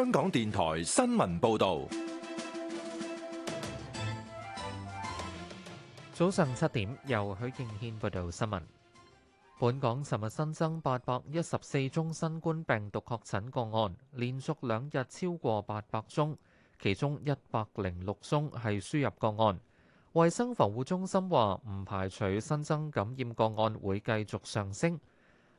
香港電台新聞報道，早上七點由許敬軒報道新聞。本港昨日新增八百一十四宗新冠病毒確診個案，連續兩日超過八百宗，其中一百零六宗係輸入個案。衛生防護中心話唔排除新增感染個案會繼續上升。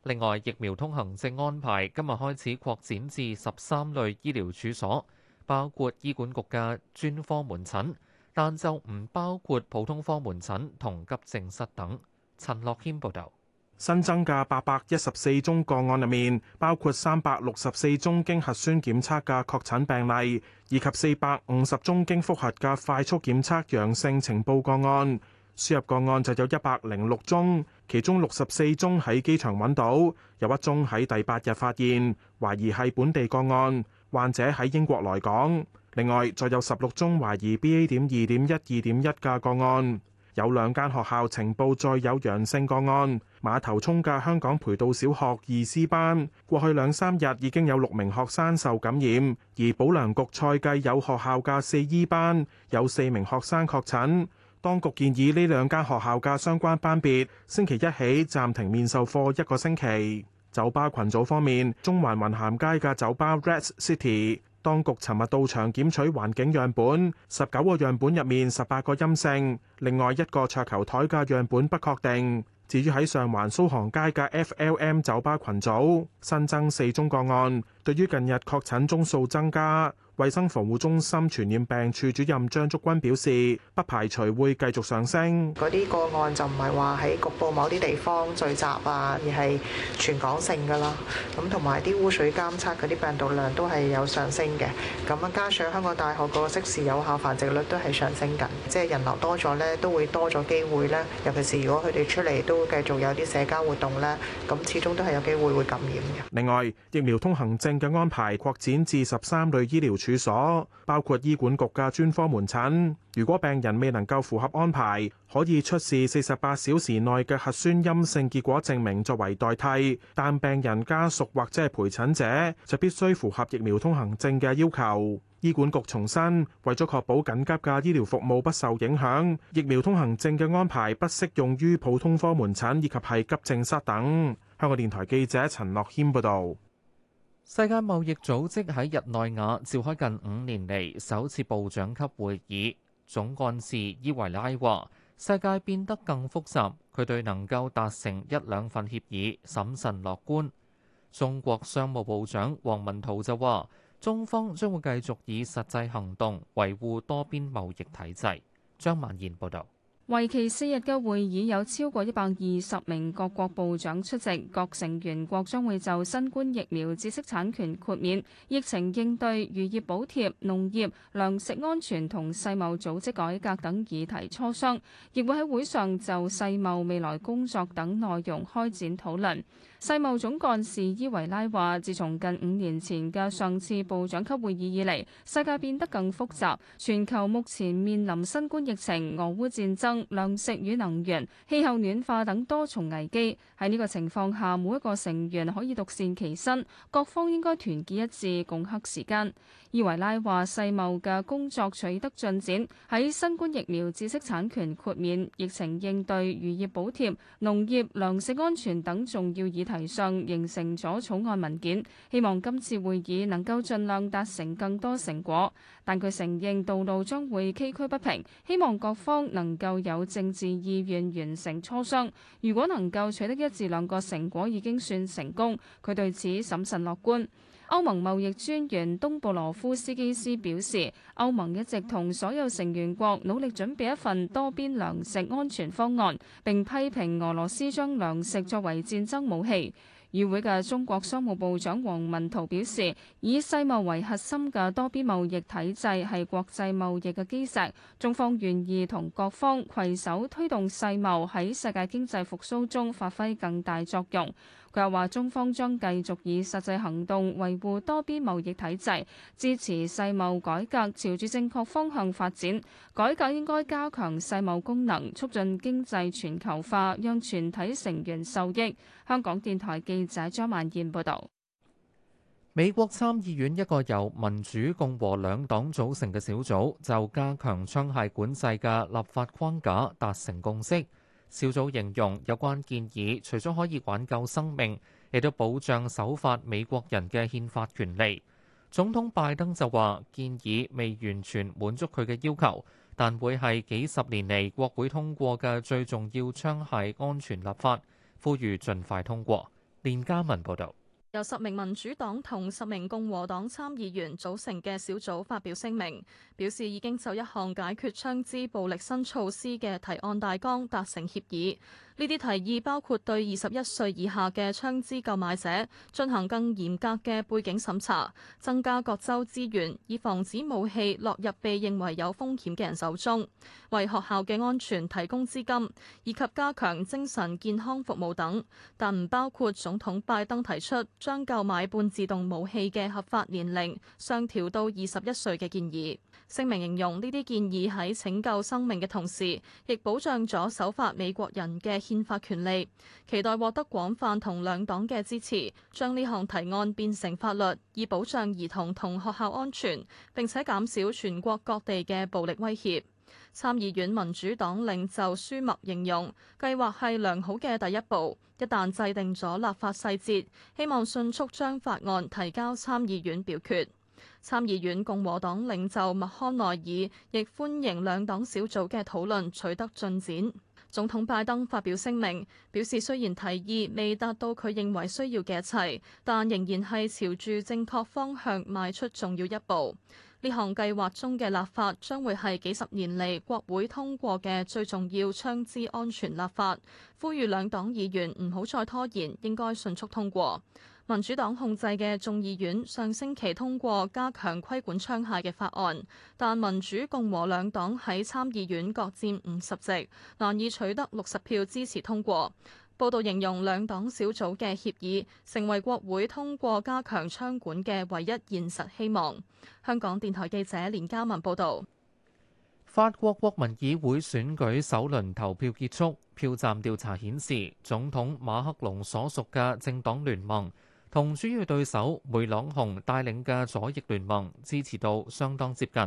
另外，疫苗通行證安排今日開始擴展至十三類醫療處所，包括醫管局嘅專科門診，但就唔包括普通科門診同急症室等。陳樂謙報道，新增嘅八百一十四宗個案入面，包括三百六十四宗經核酸檢測嘅確診病例，以及四百五十宗經複核嘅快速檢測陽性情報個案。輸入個案就有一百零六宗，其中六十四宗喺機場揾到，有一宗喺第八日發現，懷疑係本地個案，患者喺英國來港。另外再有十六宗懷疑 BA. 點二點一二點一嘅個案，有兩間學校呈報再有陽性個案，馬頭涌嘅香港培道小學二 C 班過去兩三日已經有六名學生受感染，而保良局蔡繼有學校嘅四 E 班有四名學生確診。當局建議呢兩間學校嘅相關班別星期一起暫停面授課一個星期。酒吧群組方面，中環雲咸街嘅酒吧 Red City，當局尋日到場檢取環境樣本，十九個樣本入面十八個陰性，另外一個桌球台嘅樣本不確定。至於喺上環蘇杭街嘅 FLM 酒吧群組，新增四宗個案，對於近日確診宗數增加。衛生防護中心傳染病處主任張竹君表示，不排除會繼續上升。嗰啲個案就唔係話喺局部某啲地方聚集啊，而係全港性噶啦。咁同埋啲污水監測嗰啲病毒量都係有上升嘅。咁啊，加上香港大學嗰個即時有效繁殖率都係上升緊，即係人流多咗咧，都會多咗機會咧。尤其是如果佢哋出嚟都繼續有啲社交活動咧，咁始終都係有機會會感染嘅。另外，疫苗通行證嘅安排擴展至十三類醫療。住所包括醫管局嘅專科門診。如果病人未能夠符合安排，可以出示四十八小時內嘅核酸陰性結果證明作為代替。但病人家屬或者係陪診者就必須符合疫苗通行證嘅要求。醫管局重申，為咗確保緊急嘅醫療服務不受影響，疫苗通行證嘅安排不適用於普通科門診以及係急症室等。香港電台記者陳樂謙報道。世界貿易組織喺日內瓦召開近五年嚟首次部長級會議，總幹事伊維拉話：世界變得更複雜，佢對能夠達成一兩份協議審慎樂觀。中國商務部長王文濤就話：中方將會繼續以實際行動維護多邊貿易體制。張曼燕報導。為期四日嘅會議有超過一百二十名各國部長出席，各成員國將會就新冠疫苗知識產權豁免、疫情應對、漁業補貼、農業、糧食安全同世貿組織改革等議題磋商，亦會喺會上就世貿未來工作等內容開展討論。世貿總幹事伊維拉話，自從近五年前嘅上次部長級會議以嚟，世界變得更複雜，全球目前面臨新冠疫情、俄烏戰爭、糧食與能源、氣候暖化等多重危機。喺呢個情況下，每一個成員可以獨善其身，各方應該團結一致共，共克時艱。伊維拉話世貿嘅工作取得進展，喺新冠疫苗知識產權豁免、疫情應對、漁業補貼、農業、糧食安全等重要議題上形成咗草案文件，希望今次會議能夠盡量達成更多成果。但佢承認道路將會歐盟貿易專員東布羅夫斯基斯表示，歐盟一直同所有成員國努力準備一份多邊糧食安全方案，並批評俄羅斯將糧食作為戰爭武器，與會嘅中國商務部長王文濤表示，以世貿為核心嘅多邊貿易體制係國際貿易嘅基石，中方願意同各方攜手推動世貿喺世界經濟復甦中發揮更大作用。佢又話：中方將繼續以實際行動維護多邊貿易體制，支持世貿改革，朝住正確方向發展。改革應該加強世貿功能，促進經濟全球化，讓全體成員受益。香港電台記者張萬燕報導。美國參議院一個由民主共和兩黨組成嘅小組，就加強槍械管制嘅立法框架達成共識。小組形容有關建議，除咗可以挽救生命，亦都保障守法美國人嘅憲法權利。總統拜登就話，建議未完全滿足佢嘅要求，但會係幾十年嚟國會通過嘅最重要槍械安全立法，呼籲盡快通過。連嘉文報道。由十名民主黨同十名共和黨參議員組成嘅小組發表聲明，表示已經就一項解決槍支暴力新措施嘅提案大綱達成協議。呢啲提議包括對二十一歲以下嘅槍支購買者進行更嚴格嘅背景審查，增加各州資源以防止武器落入被認為有風險嘅人手中，為學校嘅安全提供資金，以及加強精神健康服務等。但唔包括總統拜登提出將購買半自動武器嘅合法年齡上調到二十一歲嘅建議。聲明形容呢啲建議喺拯救生命嘅同時，亦保障咗守法美國人嘅憲法權利，期待獲得廣泛同兩黨嘅支持，將呢項提案變成法律，以保障兒童同學校安全，並且減少全國各地嘅暴力威脅。參議院民主黨領袖舒默形容計劃係良好嘅第一步，一旦制定咗立法細節，希望迅速將法案提交參議院表決。參議院共和黨領袖麥康奈爾亦歡迎兩黨小組嘅討論取得進展。總統拜登發表聲明，表示雖然提議未達到佢認為需要嘅一切，但仍然係朝住正確方向邁出重要一步。呢項計劃中嘅立法將會係幾十年嚟國會通過嘅最重要槍支安全立法，呼籲兩黨議員唔好再拖延，應該迅速通過。民主黨控制嘅眾議院上星期通過加強規管槍械嘅法案，但民主共和兩黨喺參議院各佔五十席，難以取得六十票支持通過。報道形容兩黨小組嘅協議成為國會通過加強槍管嘅唯一現實希望。香港電台記者連嘉文報導。法國國民議會選舉首輪投票結束，票站調查顯示，總統馬克龍所屬嘅政黨聯盟同主要對手梅朗雄帶領嘅左翼聯盟支持度相當接近，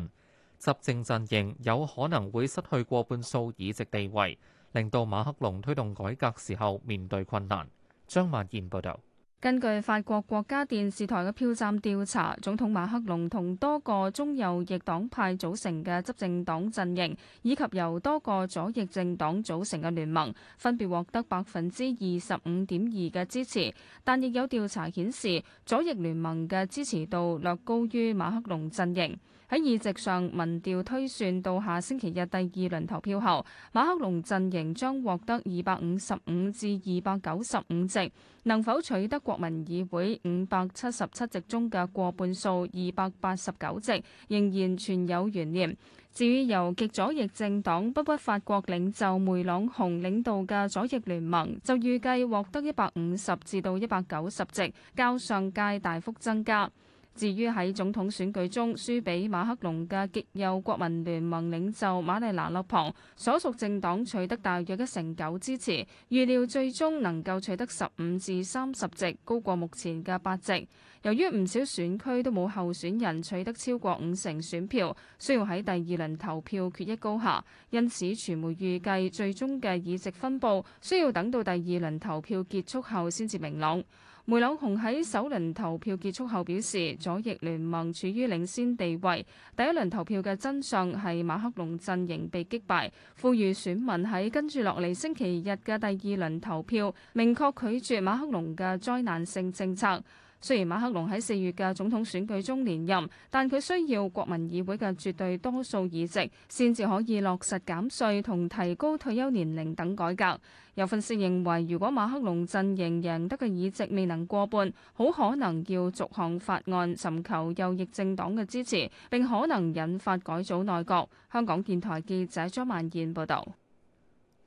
執政陣營有可能會失去過半數議席地位，令到馬克龍推動改革時候面對困難。張萬賢報導。根據法國國家電視台嘅票站調查，總統馬克龍同多個中右翼黨派組成嘅執政黨陣營，以及由多個左翼政黨組成嘅聯盟，分別獲得百分之二十五點二嘅支持。但亦有調查顯示，左翼聯盟嘅支持度略高於馬克龍陣營。喺議席上，民調推算到下星期日第二輪投票後，馬克龍陣營將獲得二百五十五至二百九十五席，能否取得國民議會五百七十七席中嘅過半數二百八十九席，仍然存有懸念。至於由極左翼政黨不屈法國領袖梅朗雄領導嘅左翼聯盟，就預計獲得一百五十至到一百九十席，較上屆大幅增加。至於喺總統選舉中輸俾馬克龍嘅極右國民聯盟領袖瑪麗娜勒旁所屬政黨取得大約一成九支持，預料最終能夠取得十五至三十席，高過目前嘅八席。由於唔少選區都冇候選人取得超過五成選票，需要喺第二輪投票決一高下，因此傳媒預計最終嘅議席分佈需要等到第二輪投票結束後先至明朗。梅朗雄喺首輪投票結束後表示，左翼聯盟處於領先地位。第一輪投票嘅真相係馬克龍陣營被擊敗，呼籲選民喺跟住落嚟星期日嘅第二輪投票，明確拒絕馬克龍嘅災難性政策。雖然馬克龍喺四月嘅總統選舉中連任，但佢需要國民議會嘅絕對多數議席，先至可以落實減稅同提高退休年齡等改革。有分析認為，如果馬克龍陣營贏，贏得嘅議席未能過半，好可能要逐項法案尋求右翼政黨嘅支持，並可能引發改組內閣。香港電台記者張曼燕報道。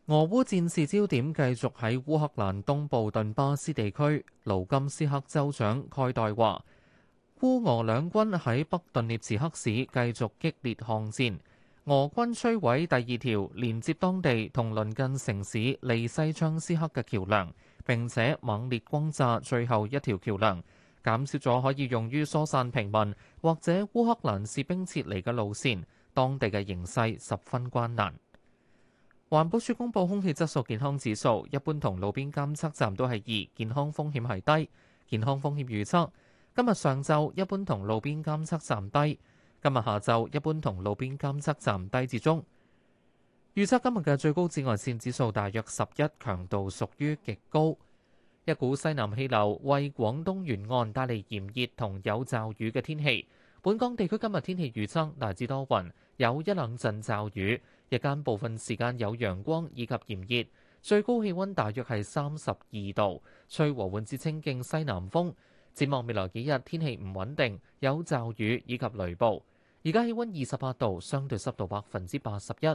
俄烏戰事焦點繼續喺烏克蘭東部頓巴斯地區，盧甘斯克州長蓋代話：烏俄兩軍喺北頓涅茨克市繼續激烈巷戰，俄軍摧毀第二條連接當地同鄰近城市利西昌斯克嘅橋梁，並且猛烈轟炸最後一條橋梁，減少咗可以用於疏散平民或者烏克蘭士兵撤離嘅路線。當地嘅形勢十分艱難。環保署公布空氣質素健康指數，一般同路邊監測站都係二，健康風險係低。健康風險預測，今日上晝一般同路邊監測站低，今日下晝一般同路邊監測站低至中。預測今日嘅最高紫外綫指數大約十一，強度屬於極高。一股西南氣流為廣東沿岸帶嚟炎熱同有驟雨嘅天氣。本港地區今日天，天氣預測大致多雲，有一兩陣驟雨。日間部分時間有陽光以及炎熱，最高氣溫大約係三十二度，吹和緩至清勁西南風。展望未來幾日，天氣唔穩定，有驟雨以及雷暴。而家氣溫二十八度，相對濕度百分之八十一。